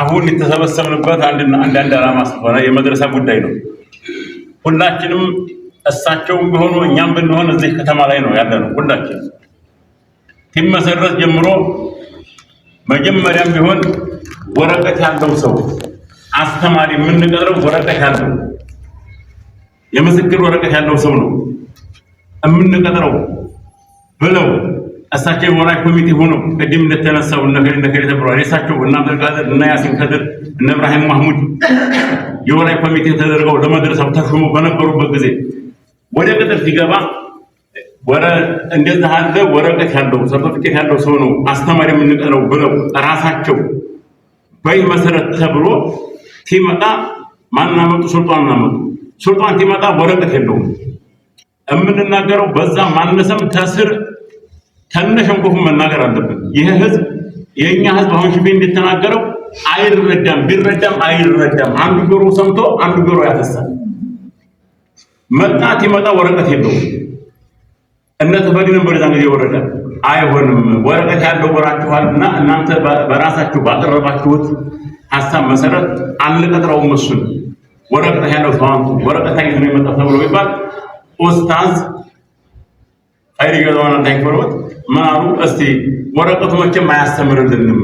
አሁን የተሰበሰብንበት አንዳንድ ዓላማ ስለሆነ የመድረሳ ጉዳይ ነው። ሁላችንም እሳቸውም ቢሆኑ እኛም ብንሆን እዚህ ከተማ ላይ ነው ነው። ሁላችን ሲመሰረት ጀምሮ መጀመሪያም ቢሆን ወረቀት ያለው ሰው አስተማሪ የምንቀጥረው ወረቀት ያለው የምስክር ወረቀት ያለው ሰው ነው የምንቀጥረው ብለው እሳቸው የወራጅ ኮሚቴ ሆኖ ቅድም እንደተነሳው ነገር ከሌ ተብሏል። እሳቸው እና የእሳቸው እና ያሲን ከድር እነ እብራሂም ማህሙድ የወራጅ ኮሚቴ ተደርገው ለመድረሰው ተሾሙ በነበሩበት ጊዜ ወደ ቅጥር ሲገባ ወረ እንደዛ አለ ወረቀት ያለው ሰርተፍኬት ያለው ሰው ነው አስተማሪ የምንቀረው ብለው ራሳቸው በይ መሰረት ተብሎ ሲመጣ ማናመጡ ስልጣን ማናመጡ ስልጣን ሲመጣ ወረቀት የለውም። የምንናገረው በዛ ማነሰም ተስር ከነሸንኮፉን መናገር አለበት። ይህ ህዝብ የእኛ ህዝብ አሁን ሽፌ እንደተናገረው አይረዳም፣ ቢረዳም አይረዳም። አንዱ ጆሮ ሰምቶ አንዱ ጆሮ ያፈሳል። መጣት ይመጣ ወረቀት የለውም። እነ ተፈግንም በዛን ጊዜ ወረደ። አይሆንም ወረቀት ያለው ወራችኋልና እናንተ በራሳችሁ ባቀረባችሁት ሀሳብ መሰረት አንቀጥረውም። እሱን ወረቀት ያለው ሰዋን ወረቀት አይዘን የመጣ ተብሎ ይባል ኡስታዝ አይሪ ገዛውን አንታይ ማሩ እስቲ ወረቀቶችን አያስተምርልንም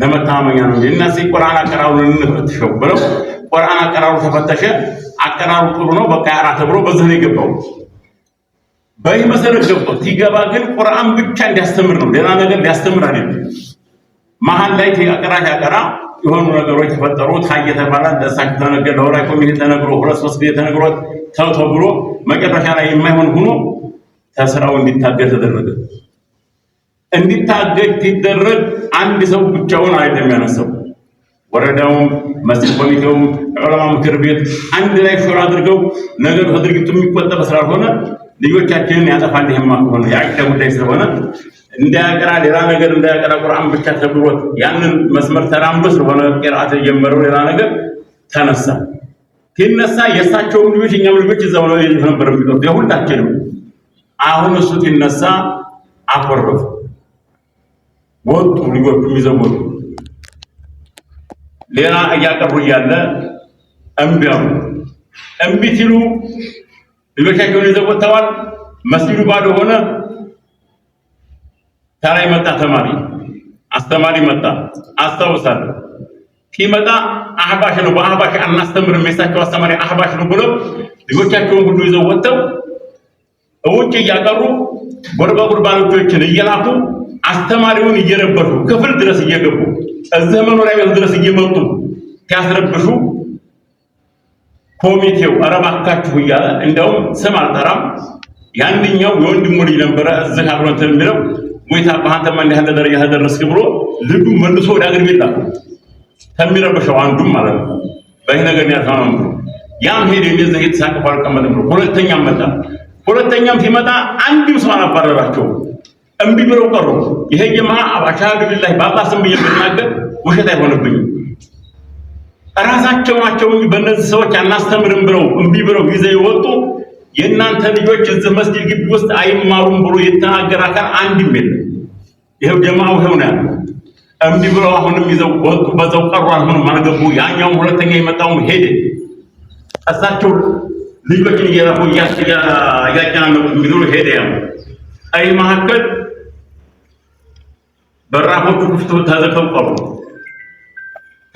ለመታመኛ ነው እንጂ እነዚህ ቁርአን አቀራሩን እንፈትሸው ብለው ቁርአን አቀራሩ ተፈተሸ። አቀራሩ ጥሩ ነው በቃ ያራ ተብሎ በዚህ ነው የገባው። በዚህ መሰረት ገብቶ ሲገባ ግን ቁርአን ብቻ እንዲያስተምር ነው፣ ሌላ ነገር ሊያስተምር አይደለም። መሀል ላይ አቀራ ያቀራ የሆኑ ነገሮች ተፈጠሩ። ታየ ተባለ ለሳቸው ተነገረ፣ ለወላይ ኮሚቴ ተነግሮ ሁለት ሶስት ጊዜ ተነግሮ ተው ተብሎ መጨረሻ ላይ የማይሆን ሆኖ ከስራው እንዲታገድ ተደረገ። እንዲታገድ ሲደረግ አንድ ሰው ብቻውን አይደለም ያነሳው። ወረዳውም መስክ ኮሚቴውም ዑለማ ምክር ቤት አንድ ላይ ሹራ አድርገው ነገሩ ከድርጊቱ የሚቆጠብ ስላልሆነ ልጆቻችንን ያጠፋል። ይሄማ ከሆነ የአቂዳ ጉዳይ ስለሆነ እንዳያቀራ ሌላ ነገር እንዳያቀራ ቁርአን ብቻ ተብሎት ያንን መስመር ተራምዶ ስለሆነ ቂራአት የጀመረው ሌላ ነገር ተነሳ። ሲነሳ የእሳቸውም ልጆች እኛም ልጆች እዛው ነው ነበር የሚቀሩ የሁላችንም። አሁን እሱ ሲነሳ አኮረፉ። ወጡ ልጆቹም ይዘው ሌላ እያቀሩ እያለ እምቢ አሉ። እምቢ ሲሉ ልጆቻቸውን ይዘው ወጥተዋል። ባዶ ሆነ። ታላይ መጣ ተማሪ አስተማሪ መጣ። አስታውሳለሁ ሲመጣ አህባሽ ነው። በአህባሽ አናስተምርም የሳቸው አስተማሪ አህባሽ ነው ብለው ልጆቻቸውን ሁሉ ይዘው ወጥተው እውጭ እያቀሩ ጎርባ ልጆችን እየላኩ አስተማሪውን እየረበሹ ክፍል ድረስ እየገቡ እዚህ መኖሪያ ቤት ድረስ እየመጡ ሲያስረብሹ ኮሚቴው አረባካችሁ እያለ እንደውም ስም አልጠራም የአንድኛው የወንድሙ ልጅ ነበረ እዚህ አብሮን የሚለው ሞይታ በአንተማ እንዲህ ያለ ደረጃ ተደረስክ ብሎ ልጁ መልሶ ወደ አገር ቤት ላከው። ከሚረብሸው አንዱም ማለት ነው። በዚህ ነገር ያልታመም ያም ሄደ የሚዘህ የተሳቀፈ አልቀመጠም። ሁለተኛም መጣ። ሁለተኛም ሲመጣ አንድም ሰው አላባረራቸውም። እምቢ ብለው ቀሩ። ይሄ ጀማ አሻግድላይ በአላህ ስም የምናገር ውሸት አይሆንብኝም። እራሳቸው ናቸው እንጂ በእነዚህ ሰዎች አናስተምርም ብለው እምቢ ብለው ጊዜ ይወጡ የእናንተ ልጆች እዚህ መስጊድ ግቢ ውስጥ አይማሩም ብሎ የተናገረ አካል አንድም የለም። ይሄው ጀማው ይሄው ነው ያለው። እምቢ ብለው አሁንም ይዘው ወጡ። በዛው ቀሩ። አልሆነም አልገቡ። ያኛውም ሁለተኛ የመጣውም ሄደ። እሳቸው ልጆችን እየራፉ እያጨናነቁ የሚሉ ሄደ ያለው ቀይ መካከል በራፎቹ ክፍት ተዘግተው ቀሩ።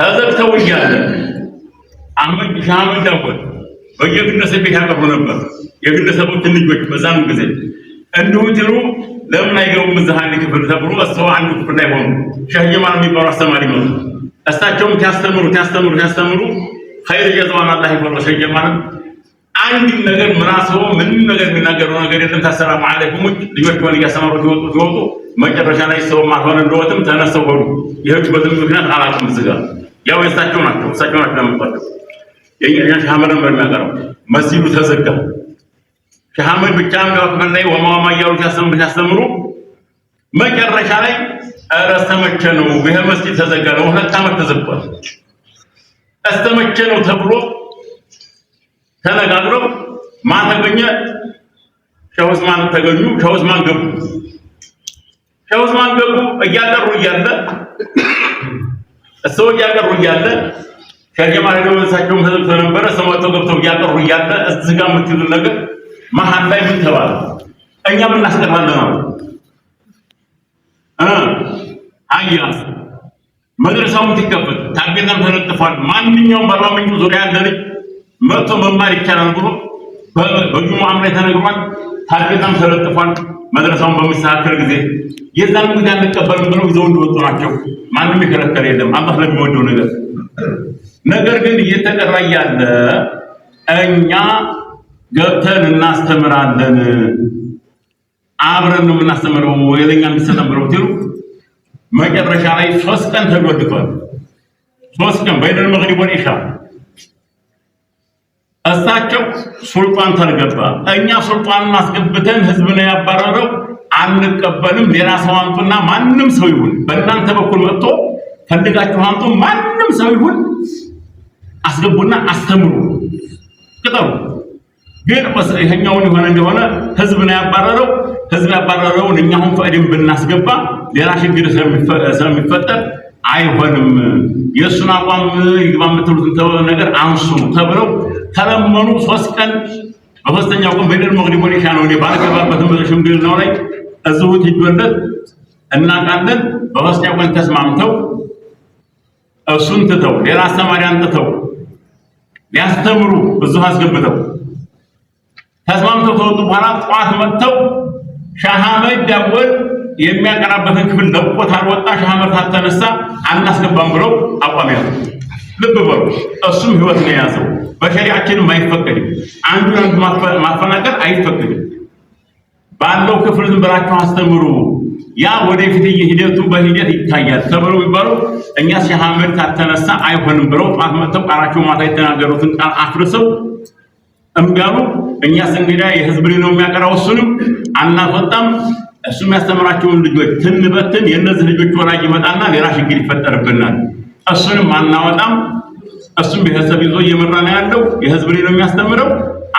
ተዘግተው እያለ አመድ ሻመድ ዳቦት በየግለሰብ ቤት ያቀርቡ ነበር። የግለሰቦችን ልጆች በዛም ጊዜ እንዲሁ ትሉ ለምን አይገቡም እዛ አንድ ክፍል ተብሎ እሰው አንድ ክፍል ላይ ሆኑ። ሼህ ጀማል የሚባሉ አስተማሪ ነው። እሳቸውም ሲያስተምሩ ሲያስተምሩ ሲያስተምሩ ኸይር ጀዛዋን አላህ ይበለው ሼህ ጀማልን አንድ ነገር ምናስቦ ምንም ነገር የሚናገረው ነገር የለም። ተሰላሙ አለይኩም ልጆች ወን እያሰማሩ ሲወጡ ሲወጡ መጨረሻ ላይ ሰው ማልሆነ እንደወትም ተነሰው ሆኑ የሄዱበትም ምክንያት አላውቅም። እዚጋ ያው የእሳቸው ናቸው እሳቸው ናቸው ለመጣቸው የኛ ሻመር ነበር የሚያቀረው መስጂዱ ተዘጋ። ሻመር ብቻ ምናምን ላይ ወማማ እያሉ ሲያስተምሩ ሲያስተምሩ መጨረሻ ላይ እረስተመቸ ነው ይሄ መስጂድ ተዘጋ ነው። ሁለት ዓመት ተዘግቷል። እስተመቸ ነው ተብሎ ተነጋግረው ማን ተገኘ? ሼህ ዑስማን ተገኙ። ሼህ ዑስማን ገቡ። ሼህ ዑስማን ገቡ። እያጠሩ እያለ እሰው እያቀሩ እያለ ሼህ ጀማል ሄደው እሳቸውም ተዘግቶ ነበረ። ሰማቸው ገብተው እያቀሩ እያለ እዚህ ጋር የምትሉ ነገር መሀል ላይ ምን ተባለ? እኛ ምን እናስቀራለን አሉ። አያ መድረሳውን ትከፈት ታርጌታም ተነጥፏል። ማንኛውም አርባ ምንጭ ዙሪያ ያለ ልጅ መጥቶ መማር ይቻላል ብሎ በጁሙዓም ላይ ተነግሯል። ታርጌታም ተለጥፏል። መድረሳውን በሚስተካከል ጊዜ የዛን ጊዜ አንቀበልም ብለው ይዘው እንደወጡ ናቸው። ማንም የከለከለ የለም አላህ ለሚወደው ነገር። ነገር ግን እየተቀራ ያለ እኛ ገብተን እናስተምራለን አብረን ነው የምናስተምረው የለኛ የሚሰጠን ብለው ትሉ መጨረሻ ላይ ሶስት ቀን ተጎድቷል። ሶስት ቀን በይነል መግሪብ ወል ኢሻ እሳቸው ሱልጣን ተገባ፣ እኛ ሱልጣንን አስገብተን ህዝብ ነው ያባረረው፣ አንቀበልም። ሌላ ሰው አምጡና ማንም ሰው ይሁን በእናንተ በኩል መጥቶ ፈልጋችሁ አምጡ፣ ማንም ሰው ይሁን አስገቡና አስተምሩ፣ ቅጠሩ። ግን ይሄኛውን የሆነ እንደሆነ ህዝብ ነው ያባረረው፣ ህዝብ ያባረረውን እኛ ፈቅድም ብናስገባ ሌላ ችግር ስለሚፈጠር አይሆንም፣ የእሱን አቋም ይግባ የምትሉትን ነገር አንሱ ተብለው ተለመኑ። ሶስት ቀን በሶስተኛው ቀን በደል መቅዲሞ ሊሻ ነው እኔ ባልገባበትም በሽምግልናው ላይ እዚሁ ሂዶለት እናቃለን። በሶስተኛው ቀን ተስማምተው እሱን ትተው ሌላ አስተማሪ አንጥተው ሊያስተምሩ እዚሁ አስገብተው ተስማምተው ከወጡ በኋላ ጠዋት መጥተው ሻህመድ ዳወል የሚያቀራበትን ክፍል ለቆት አልወጣ ሻህመድ ታተነሳ አናስገባም ብለው አቋም ያዙ። ልብ በሉ እሱም ህይወት ነው የያዘው። በሸሪያችንም አይፈቀድም። አንዱ አንዱ ማፈናቀል አይፈቀድም። ባለው ክፍል ዝም ብላችሁ አስተምሩ። ያ ወደፊት ሂደቱ በሂደት ይታያል ተብሎ ይባሉ። እኛ ሼህ አህመድ ካልተነሳ አይሆንም ብለው ጧት መጥተው ቃላቸው ማታ የተናገሩትን ቃል አፍርሰው እምጋሉ። እኛስ እንግዲያ የህዝብ ነው የሚያቀራው እሱንም አናስወጣም። እሱ የሚያስተምራቸውን ልጆች ትንበትን የእነዚህ ልጆች ወላጅ ይመጣና ሌላ ችግር ይፈጠርብናል። እሱንም አናወጣም። እሱም ቤተሰብ ይዞ እየመራ ነው ያለው። የህዝብ ነው የሚያስተምረው።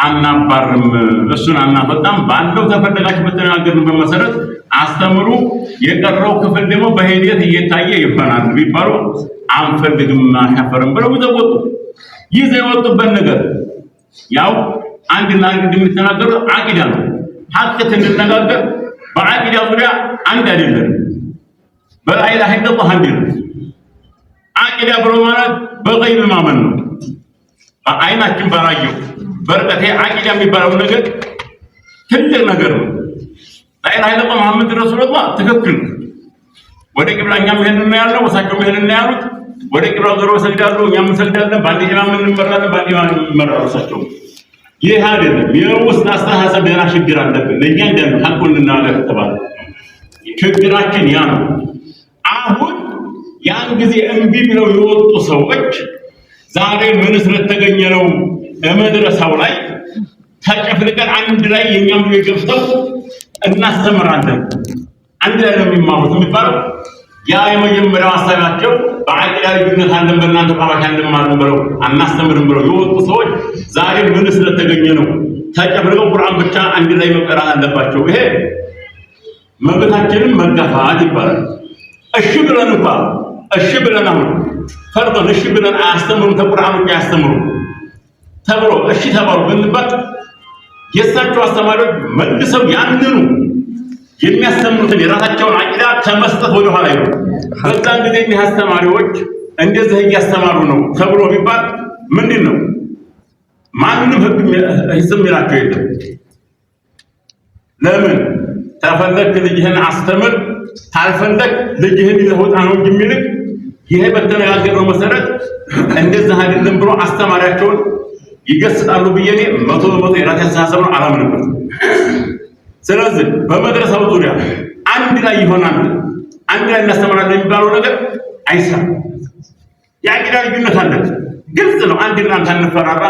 አናባርም፣ እሱን አናፈጣም። ባለው ተፈለጋችሁ በተነጋገርንበት በመሰረት አስተምሩ። የቀረው ክፍል ደግሞ በሂደት እየታየ ይፈናል ቢባሉ አንፈልግም፣ አሻፈርም ብለው ይዘው ወጡ። ይዘው የወጡበት ነገር ያው አንድና አንድ የሚተናገሩ አቂዳ ነው። ሀቅ እንድነጋገር በአቂዳ ዙሪያ አንድ አይደለም። በላይ ላይ አንድ ነው አቂዳ ብሎ ማለት በገይብ ማመን ነው። አይናችን ባላየው በርቀቴ አቂዳ የሚባለው ነገር ትልቅ ነገር ነው። ላይላ ሀይለ መሐመድ ረሱሉላህ ትክክል ወደ ቂብላ እኛም ሄድን ነው ያለው። እሳቸውም ሄድን ነው ያሉት። ወደ ቂብላ ዞሮ ሰግዳሉ፣ እኛም እንሰግዳለን። በአንድ ኢማም እንመራለን፣ በአንድ ኢማም እንመራለን። እሳቸው ይህ አይደለም። የውስጥ አስተሳሰብ ደህና ችግር አለብን። ለእያንዳንዱ ሀቁን እንናገር ተባለ። ችግራችን ያ ነው አሁን ያን ጊዜ እምቢ ብለው የወጡ ሰዎች ዛሬ ምን ተገኘ ነው መድረሳው ላይ ተጨፍልቀን አንድ ላይ የኛም ልጅ ገብተው እናስተምራለን። አንድ ላይ ነው የሚማሩት የሚባለው። ያ የመጀመሪያው ሀሳባቸው በአቂዳ ልዩነት አለን፣ በእናንተ ቋራሽ አንማርም ብለው አናስተምርም ብለው የወጡ ሰዎች ዛሬ ምን ስለተገኘ ነው ተጨፍልቀው ቁርአን ብቻ አንድ ላይ መቀራት አለባቸው? ይሄ መብታችንን መጋፋት ይባላል። እሺ ብለን እንኳን እሺ ብለን አሁን ፈርዶን እሺ ብለን አያስተምሩም፣ ተቁርአን ውጪ ተብሎ እሺ ተባሉ ብንባል የእሳቸው አስተማሪዎች መልሰው ያንኑ የሚያስተምሩትን የራሳቸውን አቂዳ ከመስጠት ወደ ኋላ ይሉ በዛን ጊዜ እኒህ አስተማሪዎች እንደዚህ እያስተማሩ ነው ተብሎ ቢባል ምንድን ነው? ማንም ህግ ይስም ይላቸው የለም። ለምን ተፈለግ ልጅህን አስተምር፣ ታልፈለግ ልጅህን ይዘህ ውጣ ነው እንጂ የሚልህ ይሄ በተነጋገርነው መሰረት እንደዛ አይደለም ብሎ አስተማሪያቸውን ይገስጣሉ ብዬ እኔ መቶ በመቶ የራሴ አስተሳሰብ ነው ስለዚህ በመድረሳው ዙሪያ አንድ ላይ ይሆናል፣ አንድ ላይ እናስተምራለን የሚባለው ነገር አይሰራም። የአቂዳ ልዩነት አለ፣ ግልጽ ነው። አንድ እናንተ እንፈራራ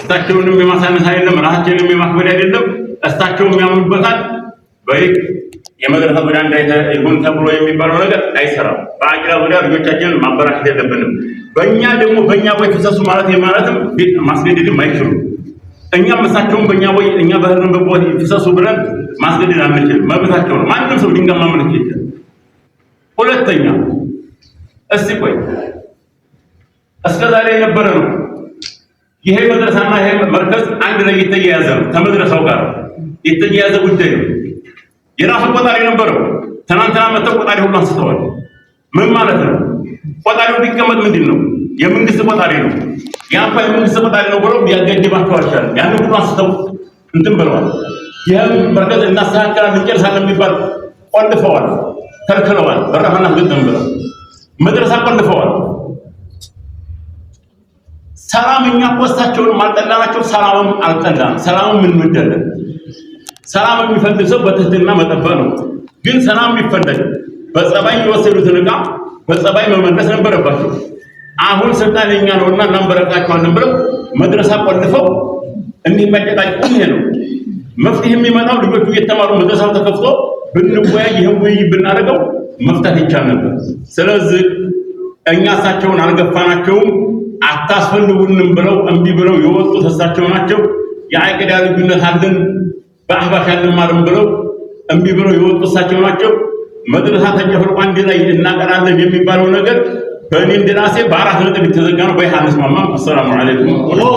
እሳቸውንም የማሳነስ አይደለም፣ ራሳችንንም የማክበድ አይደለም። እሳቸውም ያምኑበታል በይ የመድረክ ጉዳ እንዳይተ ይሁን ተብሎ የሚባለው ነገር አይሰራም። በአቂራ ዕዳ ልጆቻችንን ማበራከት የለብንም። በእኛ ደግሞ በእኛ ወይ ፍሰሱ ማለት ማለትም ማስገደድም አይችሉም። እኛም እሳቸውም በእኛ ወይ እኛ ባህርን በቦት ፍሰሱ ብለን ማስገደድ አንችልም። መብታቸው ነው። ማንም ሰው ድንጋይ ማምለክ ይችላል። ሁለተኛ እስቲ ቆይ እስከ ዛሬ የነበረ ነው። ይሄ መድረሳና ይሄ መርከዝ አንድ ላይ የተያያዘ ነው። ከመድረሳው ጋር የተያያዘ ጉዳይ ነው። የራሱ ቆጣሪ ነበረው። ትናንትና መተው ቆጣሪ ሁሉ አንስተዋል። ምን ማለት ነው? ቆጣሪው ቢቀመጥ ምንድን ነው? የመንግስት ቆጣሪ ነው። ያንኳ የመንግስት ቆጣሪ ነው ብለው ያገድባቸው አልቻለም። ያን ሁሉ አንስተው እንትን ብለዋል። ይህም በርከት እናስተካከላል እንጨርሳለን የሚባል ቆልፈዋል፣ ከልክለዋል። በረሃና ግጥም ብለው መድረሳ ቆልፈዋል። ሰላም እኛ እኮ እሳቸውንም አልጠላናቸው፣ ሰላምም አልጠላም። ሰላምም እንወዳለን ሰላም የሚፈልግ ሰው በትህትና መጠበቅ ነው። ግን ሰላም የሚፈለግ በጸባይ የወሰዱትን እቃ በጸባይ መመለስ ነበረባቸው። አሁን ስልጣን ለኛ ነውና እናንበረካቸዋለን ብለው መድረሳ ቆልፈው እንዲመጨቃጭቁ ይሄ ነው መፍትሄ የሚመጣው። ልጆቹ እየተማሩ መድረሳው ተከፍቶ ብንወያይ ይህን ውይይ ብናደርገው መፍታት ይቻል ነበር። ስለዚህ እኛ እሳቸውን አልገፋናቸውም፣ አታስፈልጉንም ብለው እምቢ ብለው የወጡት እሳቸው ናቸው። የአቂዳ ልዩነት አለን በአህባሽ ያለም አለም ብለው እምቢ ብለው የወጡ እሳቸው ናቸው። መድረሳ ተጀፈር አንድ ላይ እናቀራለን የሚባለው ነገር በእኔ እንደራሴ በአራት ነጥብ የተዘጋ ነው። በይህ ማማ አሰላሙ አለይኩም። ሁሉም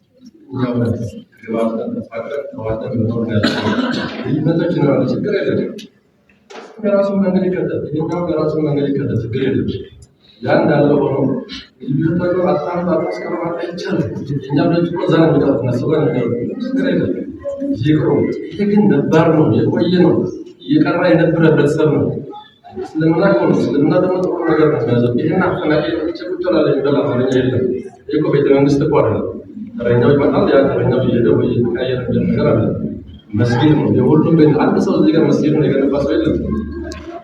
ልዩነቶች ነው ችግር አይደለም። የራሱ መንገድ ይከተል፣ ይኛው የራሱ መንገድ ይከተል፣ ችግር የለም። ያ እንዳለ ሆኖ ልዩነቶች አጣም እስከማለ ይቻላል። እኛ ደግሞ እዛ ነው የሚቀር እነሱ ጋር ችግር አይደለም። ይቅሩ። ይህ ግን ነባር ነው፣ የቆየ ነው፣ እየቀራ የነበረ ህብረተሰብ ነው። እስልምና እኮ እስልምና ደግሞ ጥሩ ነገር ነው። ይህን አፈናቂ ችግር ላ ይበላ ማለኛ የለም። ይህ እኮ ቤተመንግስት እኮ አይደለም రెండవ రెండవ ఏదో مسجدهم يقول لهم بين عند صوت ذكر مسجدهم لكن بس ويل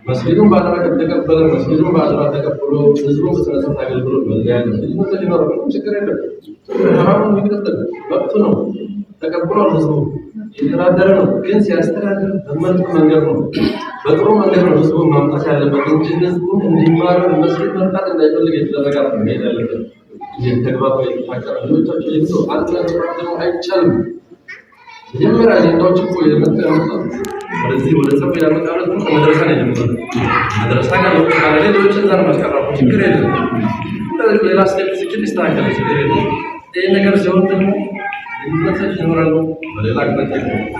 مسجدهم بعد ما كتك بدل مسجدهم بعد ما تكبروا نزلوا بس نزلوا حاجة القلوب يعني مسجدهم تلي مرة بكم شكرين لك حرام يقدر تل وقتنا تكبروا نزلوا إذا ما درنا كن سياسة هذا هم نتكلم عن جرهم بدروا من جرهم نزلوا ما متخيل لما كنت نزلوا من دمار المسجد ما تقدر يقول لك إذا ذكرت مين قال لك የተግባባ ይፈጠራል። ወጣቱ ይዞ አጥራት ነው አይቻልም። መጀመሪያ ሌላዎች እኮ የመጣ ያመጣሉ። ወደዚህ ወደ ጸብ ያመጣሉት ከመድረሳ ነው የጀመረው። መድረሳ ጋር ነው ካለ ሌሎች እዛ ነው ማስቀረው ችግር የለም። ሌላ ስቴፕ ሲችል ይስተካከላል። ይሄ ነገር ሲሆን ደግሞ ድክመቶች ይኖራሉ። በሌላ አቅጣጫ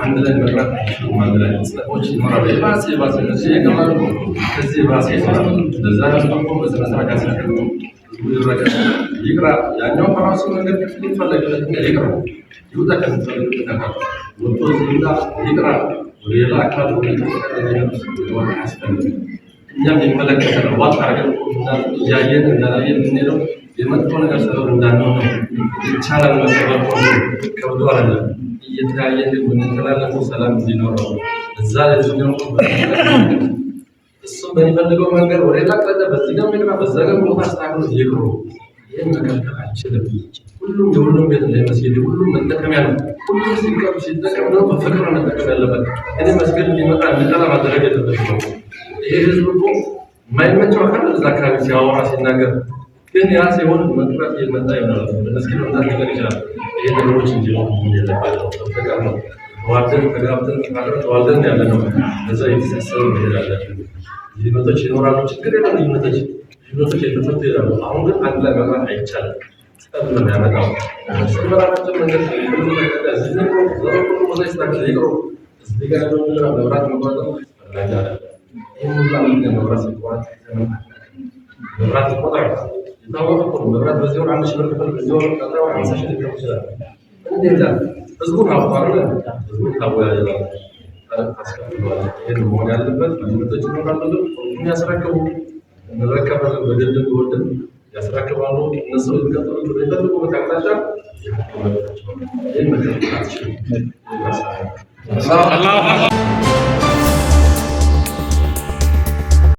አንድ ላይ መቅረት አይችሉም። አንድ ላይ ጽፎች ይኖራሉ። የባሰ የባሰ እነሱ ይገባሉ። ከዚህ የባሰ ይኖራሉ። ለዛ ያስቆቆ በስነ ስርዓት ያስቀምጡ። ይረቀቅ ይቅራ። ያኛው በራሱ መንገድ ሊፈለግለት ይቅረው። ይውጣ ከሚፈልግበት ነገር ወጥቶ ይውጣ፣ ይቅራ። ሌላ አካል ወደ ሆነ አያስፈልግም። እኛም የሚመለከተን ዋጥ አርገን እያየን እንዳላየን የምንሄደው የመጥፎ ነገር ሰበብ እንዳንሆን ነው። ይቻላል መሰበር ከብዶ አይደለም። እየተለያየን የምንተላለፈው ሰላም እንዲኖረው እዛ ለዚህ ደግሞ እሱ በሚፈልገው መንገድ ወደ ሌላ ቀጠ በዚህ ጋር ሚግራ በዛ ጋር ቦታ አስተካክሎ ይቅሩ። ይህን መከልከል አይችልም። ሁሉም የሁሉም ቤት እንዳይመስል ሁሉም መጠቀም ያለ ሁሉም ሲቀሩ ሲጠቀም ነው በፍቅር መጠቀም ያለበት። እኔ መስገድ ሊመጣ እንጠላ ማደረግ የለበት ነው። ይሄ ህዝብ እኮ የማይመቸው አካል እዛ አካባቢ ሲያወራ ሲናገር ግን ያ ሲሆን መቅረት የመጣ ይሆናል። እስኪ መምጣት ነገር ይችላል። ይሄ ነገሮች እንጂ ተቀር ነው ተዋልደን ተጋብተን ካደረ ተዋልደን ያለ ነው። እዛ የተሳሰሩ መሄዳለን። ልዩነቶች ይኖራሉ፣ ችግር የለም። ልዩነቶች ልዩነቶች የተፈቱ ይሄዳሉ። አሁን ግን አንድ ላይ መቅረት አይቻልም። ጸብ ነው የሚያመጣው። ስመራቸው መንገድ ቦታ ይስተካከል ይቅሮ እዚህ ጋር ያለው ነገር መብራት መቋጠር ይህ ሁላ መብራት ሲቋጥ መብራት ሲቆጣ يطوق مرات بزيور عندنا شباب يطوق بزيور يطوق عن ساشة يطوق شباب عندي لا أزبون هاو لا أزبون هاو يا መሆን ያለበት መምህርቶች ይኖራሉ። ሁሉም ያስረክቡ እንረከባለን። በደል ወደን ያስረክባሉ። እነሱ የሚቀጥሉት ወደሚፈልጉበት አቅጣጫ ይህን መከታተል አትችልም።